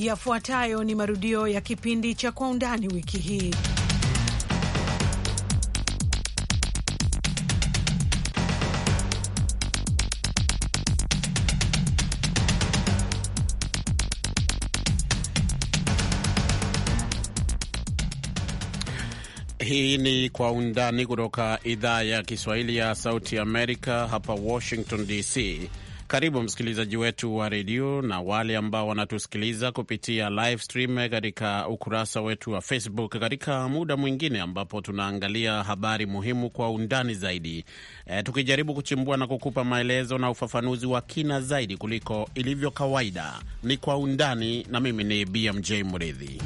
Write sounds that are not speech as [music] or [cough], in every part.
Yafuatayo ni marudio ya kipindi cha Kwa Undani wiki hii. Hii ni Kwa Undani kutoka idhaa ya Kiswahili ya Sauti Amerika, hapa Washington DC. Karibu msikilizaji wetu wa redio na wale ambao wanatusikiliza kupitia live stream katika ukurasa wetu wa Facebook, katika muda mwingine ambapo tunaangalia habari muhimu kwa undani zaidi, e, tukijaribu kuchimbua na kukupa maelezo na ufafanuzi wa kina zaidi kuliko ilivyo kawaida. Ni kwa undani, na mimi ni BMJ Mridhi.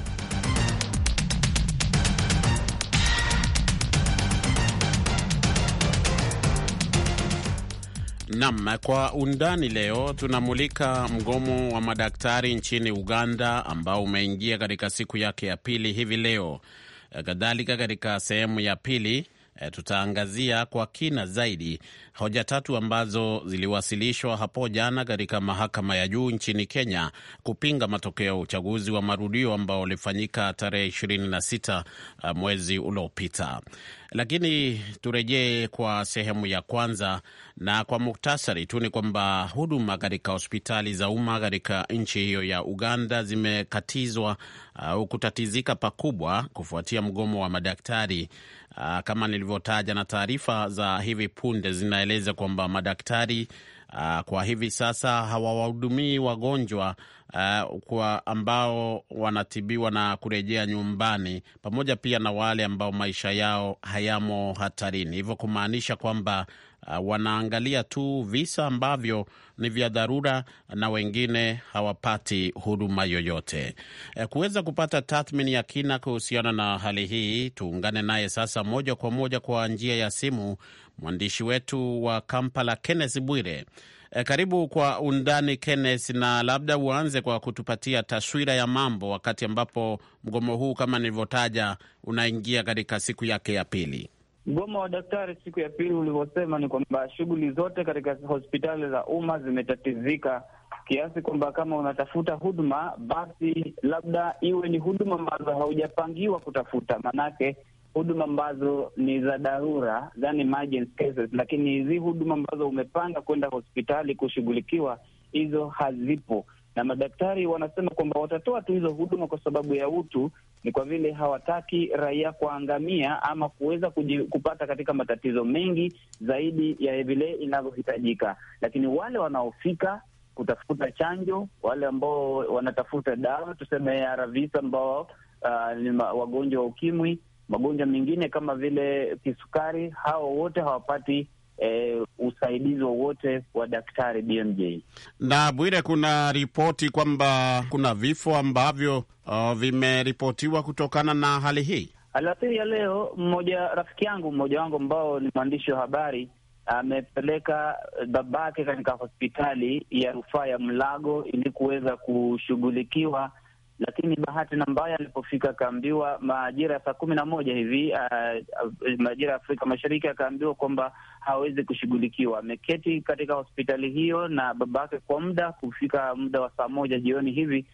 Nam, kwa undani leo tunamulika mgomo wa madaktari nchini Uganda ambao umeingia katika siku yake ya pili hivi leo. Eh, kadhalika, katika sehemu ya pili eh, tutaangazia kwa kina zaidi hoja tatu ambazo ziliwasilishwa hapo jana katika mahakama ya juu nchini Kenya kupinga matokeo ya uchaguzi wa marudio ambao ulifanyika tarehe 26 eh, mwezi uliopita. Lakini turejee kwa sehemu ya kwanza, na kwa muktasari tu ni kwamba huduma katika hospitali za umma katika nchi hiyo ya Uganda zimekatizwa au uh, kutatizika pakubwa kufuatia mgomo wa madaktari. Uh, kama nilivyotaja na taarifa za hivi punde zinaeleza kwamba madaktari Uh, kwa hivi sasa hawawahudumii wagonjwa uh, kwa ambao wanatibiwa na kurejea nyumbani, pamoja pia na wale ambao maisha yao hayamo hatarini, hivyo kumaanisha kwamba uh, wanaangalia tu visa ambavyo ni vya dharura na wengine hawapati huduma yoyote. Eh, kuweza kupata tathmini ya kina kuhusiana na hali hii, tuungane naye sasa moja kwa moja kwa njia ya simu mwandishi wetu wa Kampala Kenneth Bwire. E, karibu kwa undani Kenneth, na labda uanze kwa kutupatia taswira ya mambo wakati ambapo mgomo huu kama nilivyotaja unaingia katika siku yake ya pili. Mgomo wa daktari siku ya pili ulivyosema ni kwamba shughuli zote katika hospitali za umma zimetatizika kiasi kwamba kama unatafuta huduma basi labda iwe ni huduma ambazo haujapangiwa kutafuta, maanake huduma ambazo ni za dharura, yani emergency cases, lakini hizi huduma ambazo umepanga kwenda hospitali kushughulikiwa, hizo hazipo, na madaktari wanasema kwamba watatoa tu hizo huduma kwa sababu ya utu. Ni kwa vile hawataki raia kuangamia ama kuweza kupata katika matatizo mengi zaidi ya vile inavyohitajika, lakini wale wanaofika kutafuta chanjo, wale ambao wanatafuta dawa, tuseme ARVs ambao uh, ni wagonjwa wa ukimwi magonjwa mengine kama vile kisukari, hao wote hawapati E, usaidizi wowote wa daktari BMJ. Na Bwire, kuna ripoti kwamba kuna vifo ambavyo uh, vimeripotiwa kutokana na hali hii. Alasiri ya leo, mmoja rafiki yangu mmoja wangu ambao ni mwandishi wa habari amepeleka babake katika hospitali ya rufaa ya Mlago ili kuweza kushughulikiwa lakini bahati na mbaya alipofika akaambiwa majira ya saa kumi na moja hivi uh, uh, majira ya Afrika Mashariki akaambiwa kwamba hawezi kushughulikiwa. Ameketi katika hospitali hiyo na babake kwa muda, kufika muda wa saa moja jioni hivi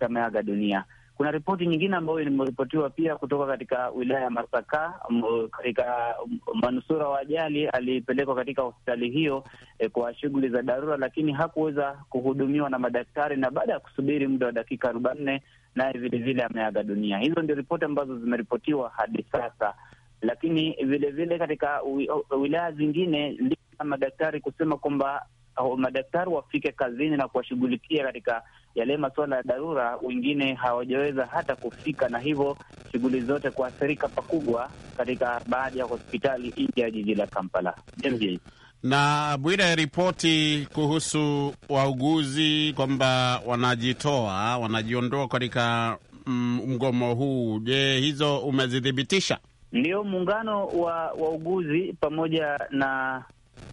ameaga dunia. Kuna ripoti nyingine ambayo imeripotiwa pia kutoka katika wilaya ya Masaka katika manusura wa ajali alipelekwa katika hospitali hiyo eh, kwa shughuli za dharura, lakini hakuweza kuhudumiwa na madaktari, na baada ya kusubiri muda wa dakika arobaini naye vilevile ameaga dunia. Hizo ndio ripoti ambazo zimeripotiwa hadi sasa, lakini vilevile vile katika wilaya zingine madaktari kusema kwamba madaktari wafike kazini na kuwashughulikia katika yale masuala ya dharura, wengine hawajaweza hata kufika, na hivyo shughuli zote kuathirika pakubwa katika baadhi ya hospitali nje ya jiji la Kampala. MJ na Bwire, ripoti kuhusu wauguzi kwamba wanajitoa, wanajiondoa katika mm, mgomo huu, je, hizo umezithibitisha? Ndio, muungano wa wauguzi pamoja na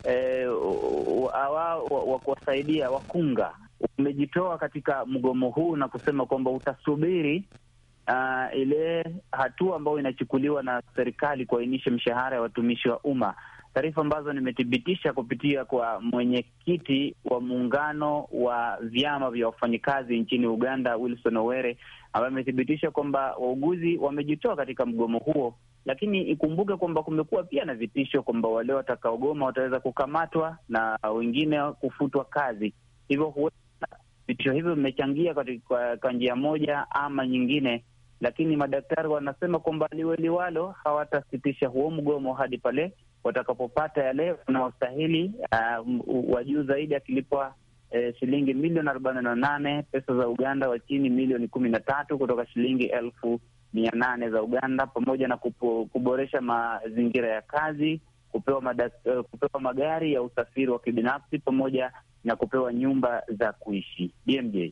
e, eh, wa, wa, wa, wa kuwasaidia wakunga umejitoa katika mgomo huu na kusema kwamba utasubiri uh, ile hatua ambayo inachukuliwa na serikali kuainisha mshahara ya watumishi wa umma, taarifa ambazo nimethibitisha kupitia kwa mwenyekiti wa muungano wa vyama vya wafanyikazi nchini Uganda, Wilson Owere, ambaye amethibitisha kwamba wauguzi wamejitoa katika mgomo huo, lakini ikumbuke kwamba kumekuwa pia na vitisho kwamba wale watakaogoma wataweza kukamatwa na wengine kufutwa kazi, hivyo huwezi vitisho hivyo vimechangia kwa njia moja ama nyingine, lakini madaktari wanasema kwamba liweliwalo hawatasitisha huo mgomo hadi pale watakapopata yale wanaostahili. Uh, wa juu zaidi akilipwa eh, shilingi milioni arobaini na nane pesa za Uganda, wa chini milioni kumi na tatu kutoka shilingi elfu mia nane za Uganda, pamoja na kupo, kuboresha mazingira ya kazi, kupewa, madak, uh, eh, kupewa magari ya usafiri wa kibinafsi pamoja na kupewa nyumba za kuishi. BMJ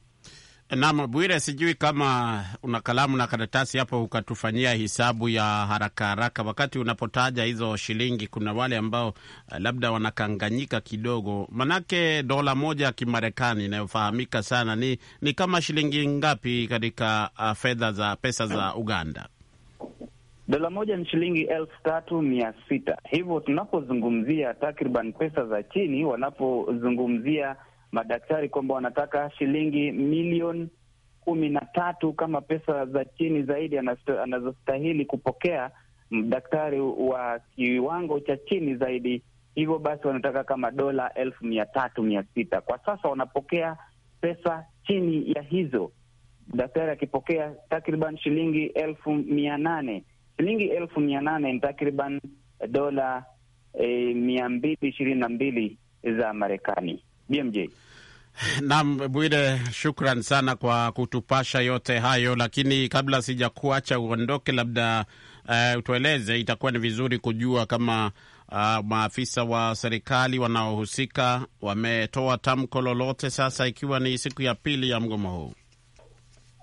Naam, Bwire, sijui kama una kalamu na karatasi hapo ukatufanyia hisabu ya haraka haraka. Wakati unapotaja hizo shilingi, kuna wale ambao eh, labda wanakanganyika kidogo, manake dola moja ya Kimarekani inayofahamika sana ni, ni kama shilingi ngapi katika eh, fedha za pesa za Uganda? Dola moja ni shilingi elfu tatu mia sita. Hivyo tunapozungumzia takriban pesa za chini, wanapozungumzia madaktari kwamba wanataka shilingi milioni kumi na tatu kama pesa za chini zaidi anazostahili kupokea daktari wa kiwango cha chini zaidi. Hivyo basi wanataka kama dola elfu mia tatu mia sita. Kwa sasa wanapokea pesa chini ya hizo, daktari akipokea takriban shilingi elfu mia nane shilingi elfu mia nane ni takriban dola e, mia mbili ishirini na mbili za Marekani. BMJ Nam Bwire, shukran sana kwa kutupasha yote hayo, lakini kabla sijakuacha uondoke, labda uh, eh, tueleze, itakuwa ni vizuri kujua kama uh, maafisa wa serikali wanaohusika wametoa tamko lolote, sasa ikiwa ni siku ya pili ya mgomo huu.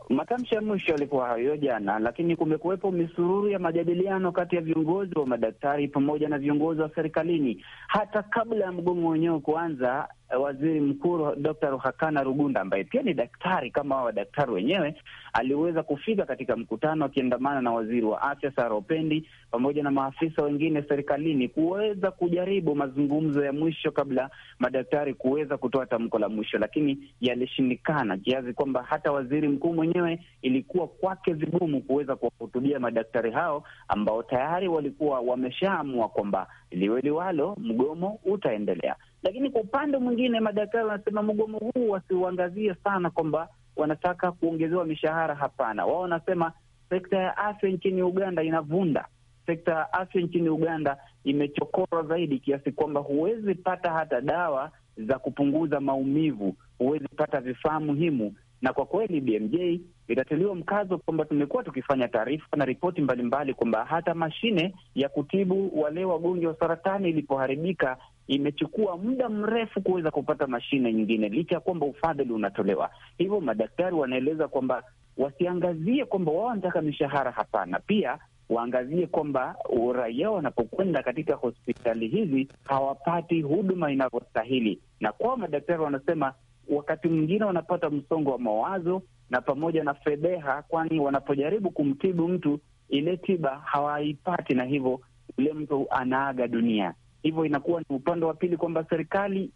Matamshi ya mwisho yalikuwa hayo jana, lakini kumekuwepo misururu ya majadiliano kati ya viongozi wa madaktari pamoja na viongozi wa serikalini hata kabla ya mgomo wenyewe kuanza, Eh, waziri mkuu Dr. Ruhakana Rugunda ambaye pia ni daktari kama wa wadaktari wenyewe aliweza kufika katika mkutano akiandamana na waziri wa afya Sara Opendi pamoja na maafisa wengine serikalini kuweza kujaribu mazungumzo ya mwisho kabla madaktari kuweza kutoa tamko la mwisho, lakini yalishindikana kiasi kwamba hata waziri mkuu mwenyewe ilikuwa kwake vigumu kuweza kuwahutubia madaktari hao ambao tayari walikuwa wameshaamua kwamba liwe liwalo, mgomo utaendelea. Lakini kwa upande mwingine, madaktari wanasema mgomo huu wasiuangazie sana kwamba wanataka kuongezewa mishahara. Hapana, wao wanasema sekta ya afya nchini Uganda inavunda. Sekta ya afya nchini Uganda imechokorwa zaidi kiasi kwamba huwezi pata hata dawa za kupunguza maumivu, huwezi pata vifaa muhimu. Na kwa kweli BMJ itatiliwa mkazo kwamba tumekuwa tukifanya taarifa na ripoti mbalimbali kwamba hata mashine ya kutibu wale wagonjwa wa saratani ilipoharibika imechukua muda mrefu kuweza kupata mashine nyingine, licha ya kwamba ufadhili unatolewa. Hivyo madaktari wanaeleza kwamba wasiangazie kwamba wao wanataka mishahara, hapana. Pia waangazie kwamba raia wanapokwenda katika hospitali hizi hawapati huduma inavyostahili, na kwao madaktari wanasema wakati mwingine wanapata msongo wa mawazo na pamoja na fedheha, kwani wanapojaribu kumtibu mtu ile tiba hawaipati, na hivyo yule mtu anaaga dunia. Hivyo inakuwa ni upande wa pili kwamba serikali,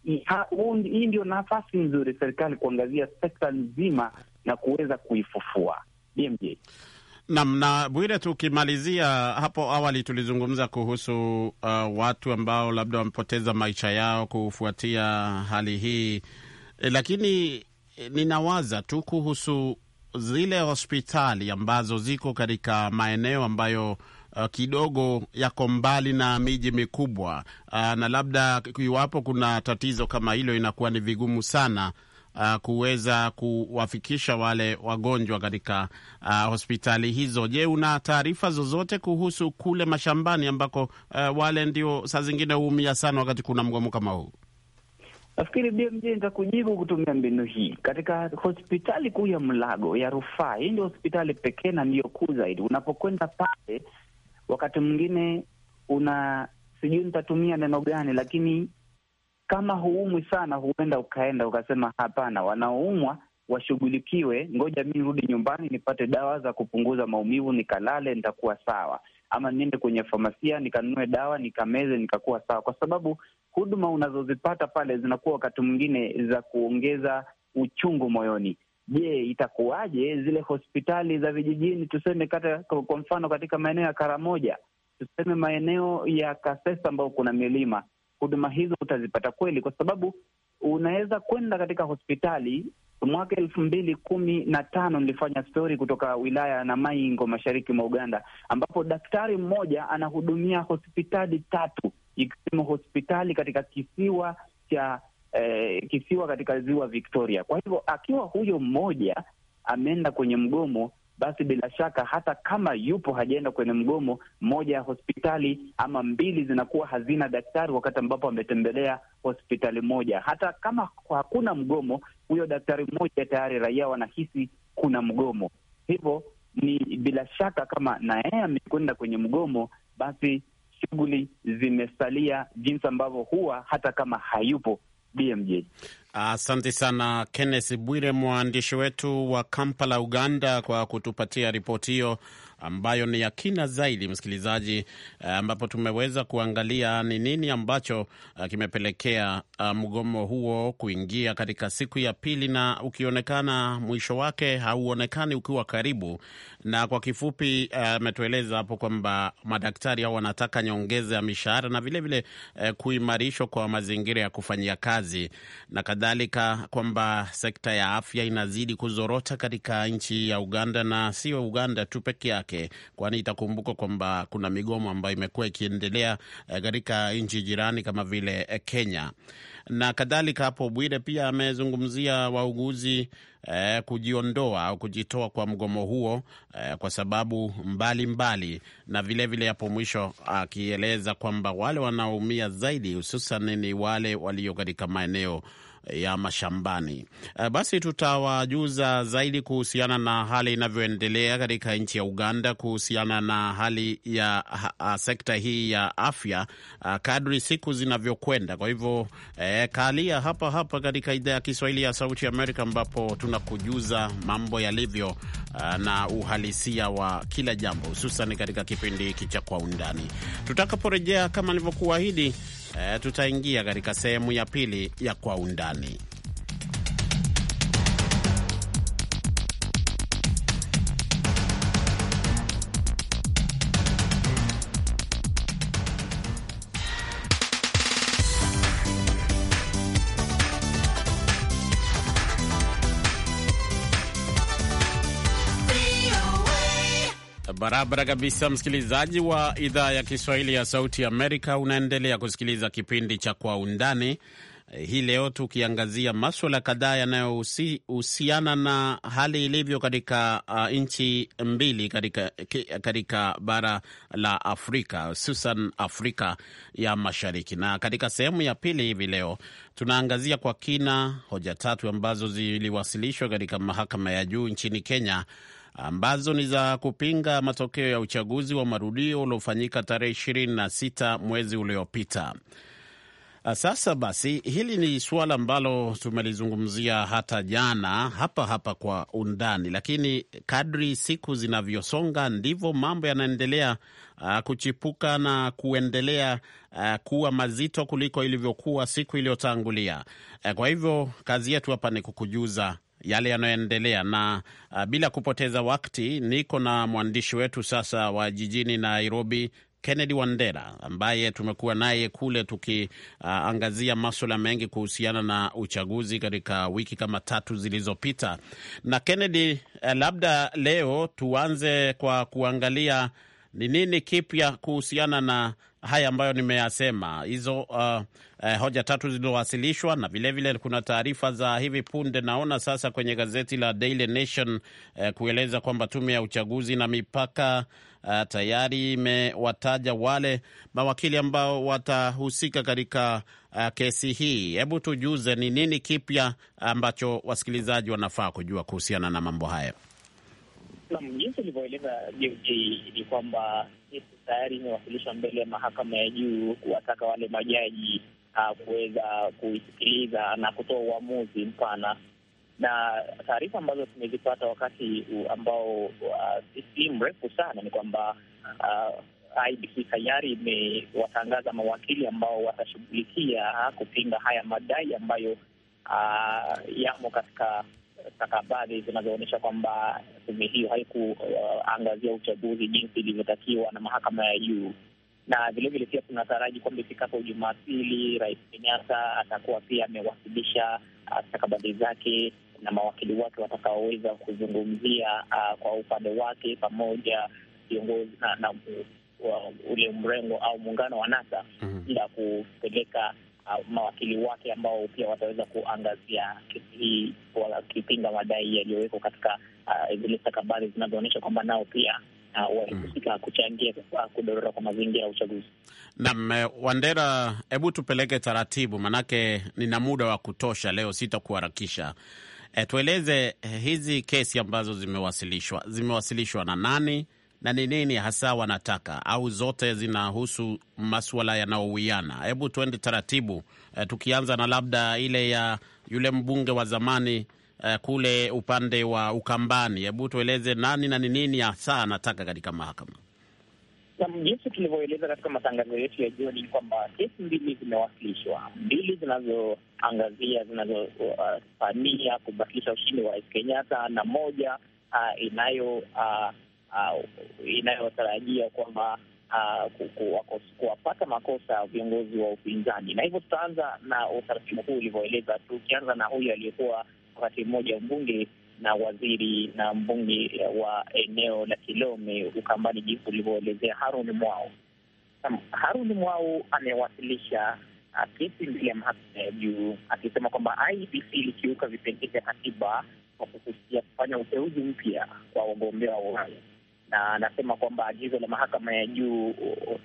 hii ndio nafasi nzuri serikali kuangazia sekta nzima na kuweza kuifufua. BMJ Nam na Bwire, tukimalizia hapo awali tulizungumza kuhusu uh, watu ambao labda wamepoteza maisha yao kufuatia hali hii e, lakini e, ninawaza tu kuhusu zile hospitali ambazo ziko katika maeneo ambayo uh, kidogo yako mbali na miji mikubwa uh, na labda iwapo kuna tatizo kama hilo, inakuwa ni vigumu sana Uh, kuweza kuwafikisha wale wagonjwa katika uh, hospitali hizo. Je, una taarifa zozote kuhusu kule mashambani ambako uh, wale ndio saa zingine huumia sana wakati kuna mgomo kama huu? Nafikiri BMJ nitakujibu kutumia mbinu hii. Katika hospitali kuu ya Mlago ya rufaa, hii ndio hospitali pekee na ndiyo kuu zaidi. Unapokwenda pale wakati mwingine una sijui nitatumia neno gani, lakini kama huumwi sana, huenda ukaenda ukasema hapana, wanaoumwa washughulikiwe, ngoja mi nirudi nyumbani nipate dawa za kupunguza maumivu, nikalale, nitakuwa sawa, ama niende kwenye famasia nikanunue dawa nikameze, nikakuwa sawa, kwa sababu huduma unazozipata pale zinakuwa wakati mwingine za kuongeza uchungu moyoni. Je, itakuwaje zile hospitali za vijijini, tuseme kata, kwa mfano katika maeneo ya Karamoja, tuseme maeneo ya Kasesa ambayo kuna milima, huduma hizo utazipata kweli? Kwa sababu unaweza kwenda katika hospitali. Mwaka elfu mbili kumi na tano nilifanya stori kutoka wilaya na maingo mashariki mwa Uganda, ambapo daktari mmoja anahudumia hospitali tatu ikiwemo hospitali katika kisiwa cha eh, kisiwa katika ziwa Victoria. Kwa hivyo akiwa huyo mmoja ameenda kwenye mgomo basi bila shaka hata kama yupo hajaenda kwenye mgomo, moja ya hospitali ama mbili zinakuwa hazina daktari wakati ambapo ametembelea hospitali moja. Hata kama hakuna mgomo, huyo daktari mmoja tayari raia wanahisi kuna mgomo. Hivyo ni bila shaka, kama na yeye amekwenda kwenye mgomo, basi shughuli zimesalia jinsi ambavyo huwa hata kama hayupo. BMJ. Asante sana Kenneth Bwire, mwandishi wetu wa Kampala, Uganda, kwa kutupatia ripoti hiyo ambayo ni ya kina zaidi, msikilizaji, eh, ambapo tumeweza kuangalia ni nini ambacho eh, kimepelekea eh, mgomo huo kuingia katika siku ya pili, na ukionekana mwisho wake hauonekani ukiwa karibu. Na kwa kifupi ametueleza hapo kwamba madaktari hao wanataka nyongeza ya mishahara na vilevile kuimarishwa kwa mazingira ya kufanyia kazi na kadhalika, kwamba sekta ya afya inazidi kuzorota katika nchi ya Uganda na sio Uganda tu peke yake yake, kwani itakumbuka kwamba kuna migomo ambayo imekuwa ikiendelea eh, katika nchi jirani kama vile eh, Kenya na kadhalika. Hapo Bwire pia amezungumzia wauguzi eh, kujiondoa au kujitoa kwa mgomo huo eh, kwa sababu mbalimbali mbali. Na vilevile hapo vile mwisho akieleza kwamba wale wanaoumia zaidi hususan ni wale walio katika maeneo ya mashambani. Eh, basi tutawajuza zaidi kuhusiana na hali inavyoendelea katika nchi ya Uganda kuhusiana na hali ya ha, sekta hii ya afya kadri siku zinavyokwenda. Kwa hivyo eh, kaalia hapa hapa katika idhaa ya Kiswahili ya Sauti Amerika ambapo tunakujuza mambo yalivyo na uhalisia wa kila jambo, hususan katika kipindi hiki cha Kwa Undani tutakaporejea kama nilivyokuahidi e, tutaingia katika sehemu ya pili ya kwa undani. Barabara kabisa, msikilizaji wa idhaa ya Kiswahili ya Sauti Amerika, unaendelea kusikiliza kipindi cha Kwa Undani eh, hii leo tukiangazia maswala kadhaa yanayohusiana na hali ilivyo katika uh, nchi mbili katika, katika bara la Afrika hususan Afrika ya Mashariki. Na katika sehemu ya pili hivi leo tunaangazia kwa kina hoja tatu ambazo ziliwasilishwa katika mahakama ya juu nchini Kenya ambazo ni za kupinga matokeo ya uchaguzi wa marudio uliofanyika tarehe sita mwezi uliopita. Ah, sasa basi, hili ni suala ambalo tumelizungumzia hata jana hapa hapa kwa undani, lakini kadri siku zinavyosonga ndivyo mambo yanaendelea uh, kuchipuka na kuendelea uh, kuwa mazito kuliko ilivyokuwa siku iliyotangulia. Uh, kwa hivyo kazi yetu hapa ni kukujuza yale yanayoendelea na uh, bila kupoteza wakati niko na mwandishi wetu sasa wa jijini Nairobi Kennedy Wandera ambaye tumekuwa naye kule tukiangazia uh, maswala mengi kuhusiana na uchaguzi katika wiki kama tatu zilizopita. Na Kennedy, uh, labda leo tuanze kwa kuangalia ni nini kipya kuhusiana na haya ambayo nimeyasema, hizo uh, eh, hoja tatu zilizowasilishwa na vilevile vile kuna taarifa za hivi punde naona sasa kwenye gazeti la Daily Nation eh, kueleza kwamba tume ya uchaguzi na mipaka Uh, tayari imewataja wale mawakili ambao watahusika katika uh, kesi hii. Hebu tujuze ni nini kipya ambacho wasikilizaji wanafaa kujua kuhusiana na mambo haya. Naam, jinsi ilivyoeleza BMJ ni kwamba kesi tayari imewasilishwa mbele ya mahakama ya juu kuwataka wale majaji uh, kuweza kuisikiliza na kutoa uamuzi mpana, na taarifa ambazo tumezipata wakati ambao ah, si uh, mrefu sana ni kwamba uh, ah, IBC tayari imewatangaza mawakili ambao watashughulikia kupinga haya madai ambayo uh, yamo katika stakabadhi zinazoonyesha kwamba tume hiyo haikuangazia uh, uchaguzi jinsi ilivyotakiwa na mahakama ya juu na vilevile pia tunataraji kwamba ifikapo Jumapili Rais Kenyatta atakuwa pia amewasilisha uh, stakabadhi zake na mawakili wake watakaoweza kuzungumzia uh, kwa upande wake pamoja viongozi na, na uh, ule mrengo au muungano wa NASA mm -hmm. ila kupeleka uh, mawakili wake ambao pia wataweza kuangazia kesi wakipinga madai yaliyowekwa katika uh, zile stakabadhi zinazoonyesha kwamba nao pia uh, mm. kuchangia uh, kudorora kwa mazingira ya uchaguzi. Naam, eh, Wandera, hebu tupeleke taratibu, manake nina muda wa kutosha leo, sitakuharakisha. E, tueleze eh, hizi kesi ambazo zimewasilishwa, zimewasilishwa na nani na ni nini hasa wanataka, au zote zinahusu maswala yanayowiana? Hebu tuende taratibu, eh, tukianza na labda ile ya yule mbunge wa zamani eh, kule upande wa Ukambani. Hebu tueleze nani na ni nini hasa anataka katika mahakama. Jinsi tulivyoeleza katika matangazo yetu ya jioni kwamba kesi mbili zimewasilishwa, mbili zinazoangazia zinazofania uh, kubatilisha ushindi wa Rais Kenyatta na moja uh, inayo uh, uh, inayotarajia kwamba uh, kuwapata makosa viongozi wa upinzani, na hivyo tutaanza na utaratibu huu ulivyoeleza, tu ukianza na huyu aliyekuwa wakati mmoja mbunge na waziri na mbunge wa eneo la Kilome Ukambani, jinsi ulivyoelezea Harun Mwau. Harun Mwau amewasilisha ah, kesi mbele ya mahakama ya juu akisema kwamba IBC ilikiuka vipengee vya katiba kwa kususia kufanya uteuzi mpya kwa wagombea wa urais na anasema kwamba agizo la mahakama ya juu uh,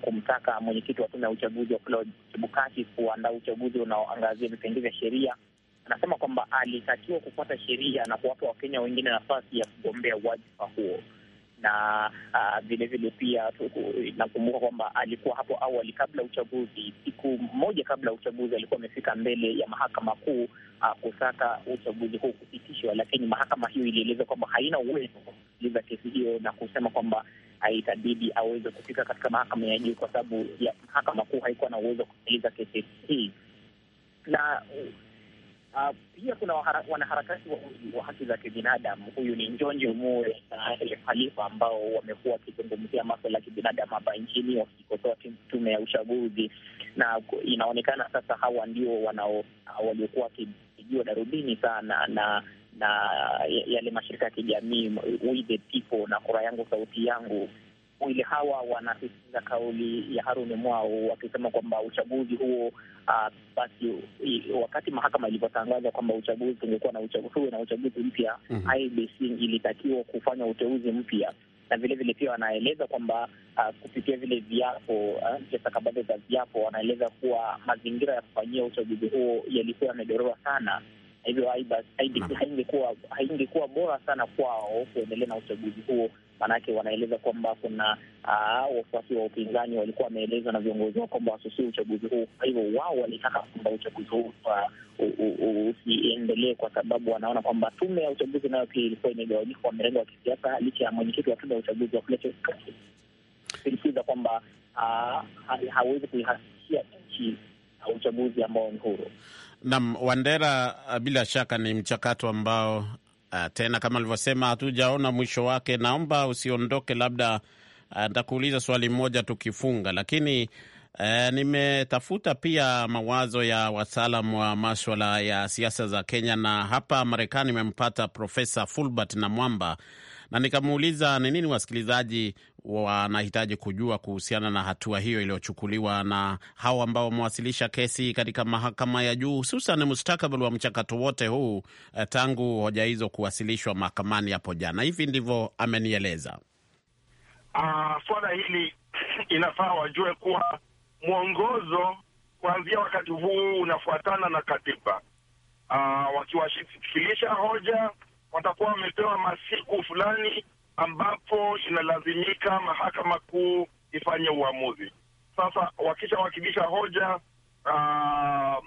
kumtaka mwenyekiti wa tume ya uchaguzi wa Claude Chebukati kuandaa uchaguzi unaoangazia vipengee vya sheria, anasema kwamba alitakiwa kufuata sheria na kuwapa Wakenya wengine nafasi ya kugombea wadhifa huo na vilevile ah, uh, pia nakumbuka kwamba alikuwa hapo awali kabla uchaguzi, siku moja kabla ya uchaguzi alikuwa amefika mbele ya mahakama kuu uh, kusaka uchaguzi huu kupitishwa, lakini mahakama hiyo ilieleza kwamba haina uwezo wa kusikiliza kesi hiyo na kusema kwamba itabidi aweze kufika katika mahakama ya juu kwa sababu ya mahakama kuu haikuwa na uwezo wa kusikiliza kesi hii na uh, Ah, pia kuna wanaharakati wa haki za kibinadamu, huyu ni njonjo Umue na ambao wamekuwa wakizungumzia maswala ya kibinadamu hapa nchini wakikosoa tume ya uchaguzi, na inaonekana sasa hawa ndio wanao waliokuwa wakipigiwa darubini sana na na yale mashirika ya kijamii We the People na kura yangu sauti yangu wawili hawa wanasisitiza kauli ya Harun Mwau wakisema kwamba uchaguzi huo uh, basi wakati mahakama ilivyotangaza kwamba uchaguzi tungekuwa na uchaguzi na uchaguzi mpya mm -hmm. IBC ilitakiwa kufanya uteuzi mpya na vilevile pia wanaeleza kwamba uh, kupitia vile viapo uh, stakabadhi za viapo, wanaeleza kuwa mazingira ya kufanyia uchaguzi huo yalikuwa yamedorora sana, hivyo haingekuwa haingekuwa bora sana kwao kuendelea na uchaguzi huo maanake wanaeleza kwamba kuna uh, wafuasi wa upinzani walikuwa wameeleza na viongozi wao kwamba wasusie uchaguzi huu. Kwa hivyo wao walitaka kwamba uchaguzi huu ah, usiendelee, kwa sababu wanaona kwamba tume ya uchaguzi nayo pia ilikuwa imegawanyika kwa mrengo wa kisiasa, licha ya mwenyekiti wa tume ya uchaguzi wa kuleta kwamba uh, hawezi kuihakikishia nchi uchaguzi ambao ni huru. Nam Wandera, bila shaka ni mchakato ambao Uh, tena kama alivyosema hatujaona mwisho wake. Naomba usiondoke, labda ah, nitakuuliza uh, swali moja tukifunga, lakini uh, nimetafuta pia mawazo ya wataalam wa maswala ya siasa za Kenya na hapa Marekani, nimempata Profesa Fulbert na Mwamba na nikamuuliza ni nini wasikilizaji wanahitaji kujua kuhusiana na hatua hiyo iliyochukuliwa na hao ambao wamewasilisha kesi katika mahakama ya juu, hususan mustakabali wa mchakato wote huu eh, tangu hoja hizo kuwasilishwa mahakamani hapo jana. Hivi ndivyo amenieleza. Uh, swala hili [clears throat] inafaa wajue kuwa mwongozo kuanzia wakati huu unafuatana na katiba. Uh, ah, wakiwashikilisha hoja watakuwa wamepewa masiku fulani ambapo inalazimika mahakama kuu ifanye uamuzi. Sasa wakishawakilisha hoja uh,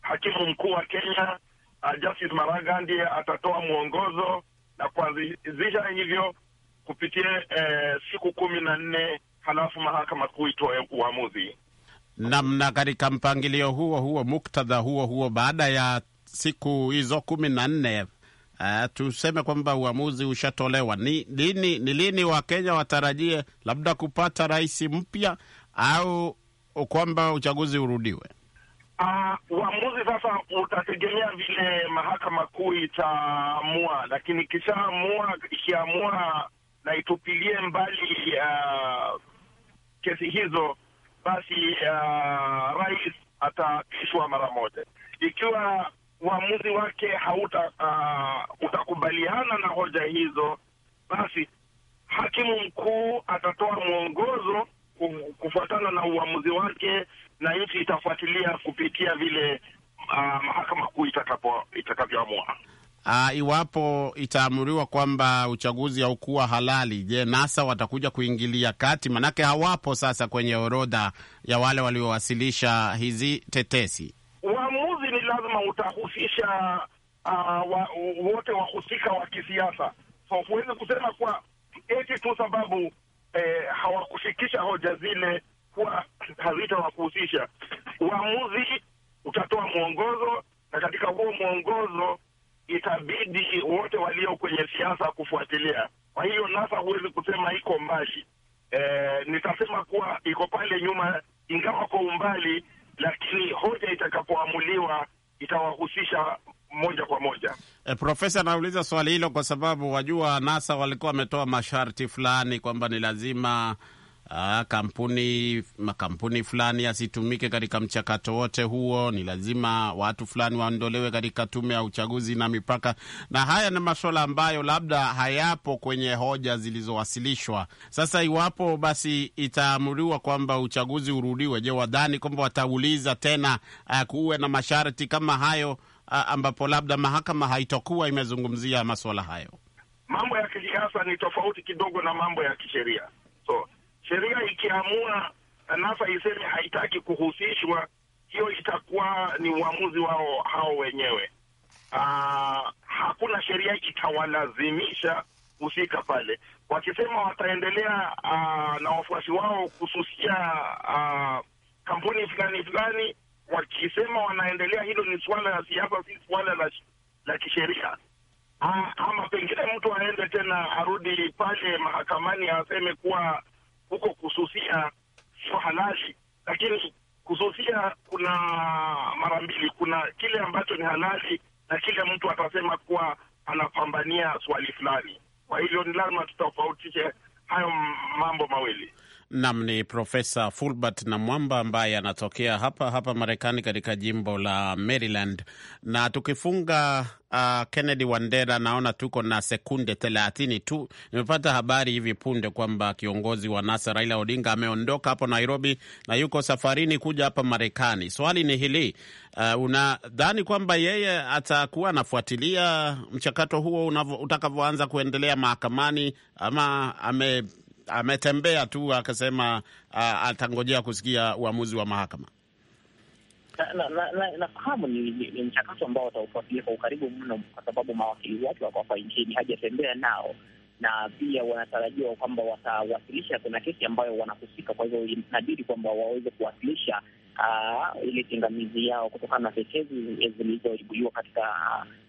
hakimu mkuu wa Kenya uh, Justice Maraga ndiye atatoa mwongozo na kuanzisha hivyo kupitia eh, siku kumi na nne halafu mahakama kuu itoe uamuzi namna. Katika mpangilio huo huo, muktadha huo huo, baada ya siku hizo kumi na nne uh, tuseme kwamba uamuzi ushatolewa. Ni lini, ni lini Wakenya watarajie labda kupata rais mpya au kwamba uchaguzi urudiwe? Uh, uamuzi sasa utategemea vile mahakama kuu itaamua, lakini ikishaamua, ikiamua na itupilie mbali uh, kesi hizo, basi uh, rais ataapishwa mara moja. Ikiwa uamuzi wake hauta uh, utakubaliana na hoja hizo, basi hakimu mkuu atatoa mwongozo kufuatana na uamuzi wake, na nchi itafuatilia kupitia vile uh, mahakama kuu itakavyoamua. Uh, iwapo itaamuriwa kwamba uchaguzi haukuwa halali, je, NASA watakuja kuingilia kati? Manake hawapo sasa kwenye orodha ya wale waliowasilisha hizi tetesi lazima utahusisha uh, wote wahusika wa kisiasa. So huwezi kusema kuwa eti tu sababu eh, hawakushikisha hoja zile kuwa hazitawakuhusisha. Uamuzi utatoa mwongozo, na katika huo mwongozo itabidi wote walio kwenye siasa kufuatilia. Kwa hiyo NASA huwezi kusema iko mbali eh, nitasema kuwa iko pale nyuma, ingawa kwa umbali, lakini hoja itakapoamuliwa itawahusisha moja kwa moja. E, Profesa, nauliza swali hilo kwa sababu wajua, NASA walikuwa wametoa masharti fulani kwamba ni lazima aa, ah, kampuni makampuni fulani yasitumike katika mchakato wote huo, ni lazima watu fulani waondolewe katika tume ya uchaguzi na mipaka. Na haya ni masuala ambayo labda hayapo kwenye hoja zilizowasilishwa. Sasa iwapo basi itaamuriwa kwamba uchaguzi urudiwe, je, wadhani kwamba watauliza tena uh, kuwe na masharti kama hayo uh, ambapo labda mahakama haitokuwa imezungumzia masuala hayo? Mambo ya kisiasa ni tofauti kidogo na mambo ya kisheria sheria ikiamua NASA iseme haitaki kuhusishwa, hiyo itakuwa ni uamuzi wao hao wenyewe. Aa, ah, hakuna sheria itawalazimisha husika pale. Wakisema wataendelea aa, ah, na wafuasi wao kususia ah, kampuni fulani fulani, wakisema wanaendelea, hilo ni suala la siasa, si suala la, la kisheria. Ama pengine mtu aende tena arudi pale mahakamani aseme kuwa huko kususia sio halali, lakini kususia kuna mara mbili, kuna kile ambacho ni halali na kile mtu atasema kuwa anapambania swali fulani. Kwa hivyo ni lazima tutofautishe hayo mambo mawili. Nam ni Profesa Fulbert na Mwamba ambaye anatokea hapa hapa Marekani, katika jimbo la Maryland. Na tukifunga uh, Kennedy Wandera, naona tuko na sekunde thelathini tu. Nimepata habari hivi punde kwamba kiongozi wa NASA Raila Odinga ameondoka hapo Nairobi na yuko safarini kuja hapa Marekani. Swali ni hili, uh, unadhani kwamba yeye atakuwa anafuatilia mchakato huo utakavyoanza kuendelea mahakamani ama ame ametembea tu akasema atangojea kusikia uamuzi wa mahakama. Nafahamu na, na, na, ni, ni mchakato ambao wataufuatilia kwa ukaribu mno, kwa sababu mawakili wake wako hapa nchini, hajatembea nao, na pia wanatarajiwa kwamba watawasilisha. Kuna kesi ambayo wanahusika, kwa hivyo inabidi kwamba waweze kuwasilisha uh, ile pingamizi yao kutokana na tetezi zilizoibuliwa katika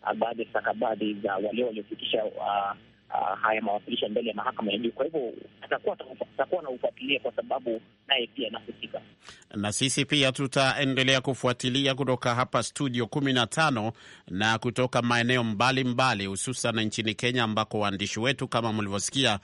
uh, baadhi ya stakabadhi za wale waliofikisha uh, Uh, haya mawasilisho mbele ya mahakama ya juu. Kwa hivyo atakuwa atakuwa na ufuatilia, kwa sababu naye pia anahusika, na sisi pia tutaendelea kufuatilia kutoka hapa studio kumi na tano na kutoka maeneo mbalimbali, hususan nchini Kenya ambako waandishi wetu kama mlivyosikia,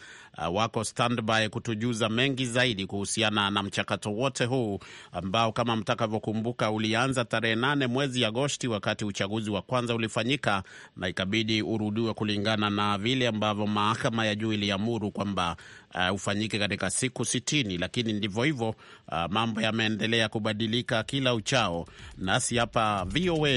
uh, wako standby kutujuza mengi zaidi kuhusiana na mchakato wote huu ambao kama mtakavyokumbuka ulianza tarehe nane mwezi Agosti wakati uchaguzi wa kwanza ulifanyika na ikabidi urudiwe kulingana na vile ambavyo ambavyo mahakama ya juu iliamuru kwamba uh, ufanyike katika siku sitini, lakini ndivyo hivyo uh, mambo yameendelea kubadilika kila uchao. Nasi hapa VOA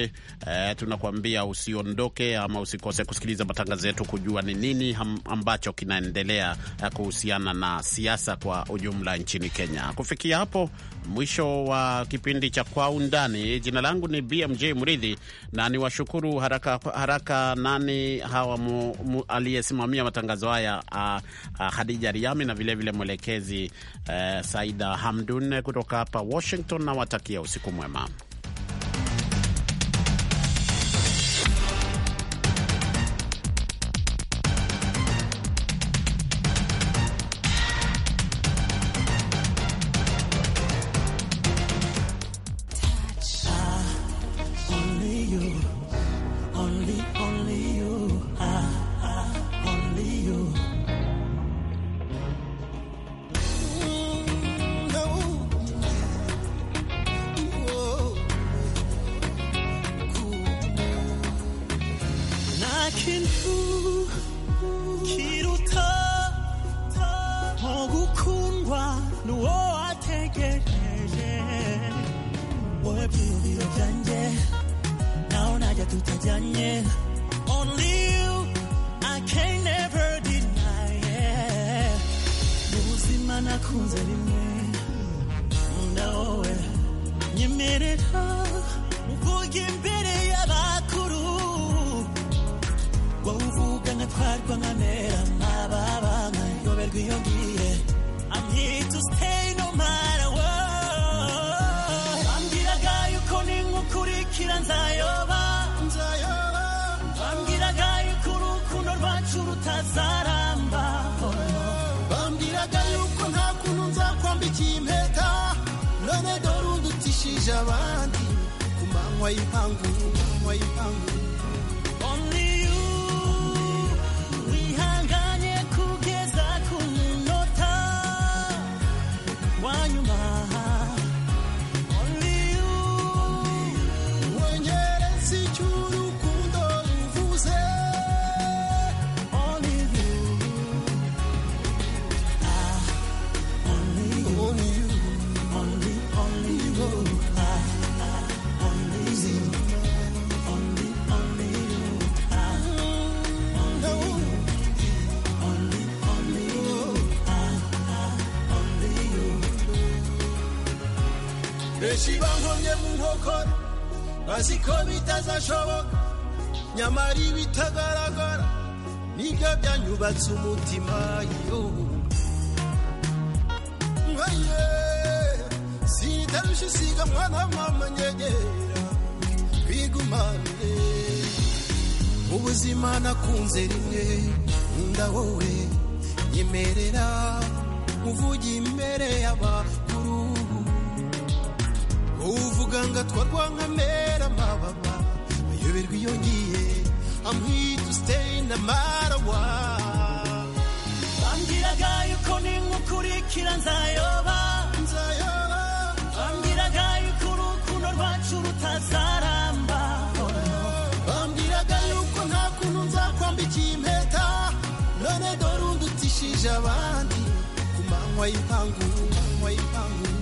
uh, tunakuambia usiondoke ama usikose kusikiliza matangazo yetu kujua ni nini ambacho kinaendelea uh, kuhusiana na siasa kwa ujumla nchini Kenya. Kufikia hapo mwisho wa kipindi cha Kwa Undani, jina langu ni BMJ Mridhi na niwashukuru haraka haraka nani hawa aliyesimamia kusimamia matangazo haya uh, uh, Hadija Riami na vilevile vile mwelekezi uh, Saida Hamdun kutoka hapa Washington, na watakia usiku mwema. 为他哭，为他哭。benshi bankomye mu nkokora bazi ko bitazashoboka nyamara ibitagaragara nibyo byanyubatse umutima y'igihugu sinitarushye usiga mwana mama nyegera bigumanire ubuzima nakunze rimwe nkunda wowe nyemerera nkuvuge imbere y'abantu muganga twarwankamera amababa ayoberwa iyo ngiye I'm here to stay no matter what bambwiraga yuko ninkukurikira yoba nzayoba bambwiraga yuko urukundo rwacu rutazaramba bambwiraga yuko nta kuntu nzakwambikiye impeta none dore undutishije abandi ku manywa y'ipangu ku manywa y'ipangu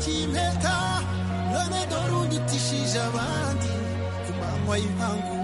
iki impeta none dore ugitishije abandi ku manywa y'ihangu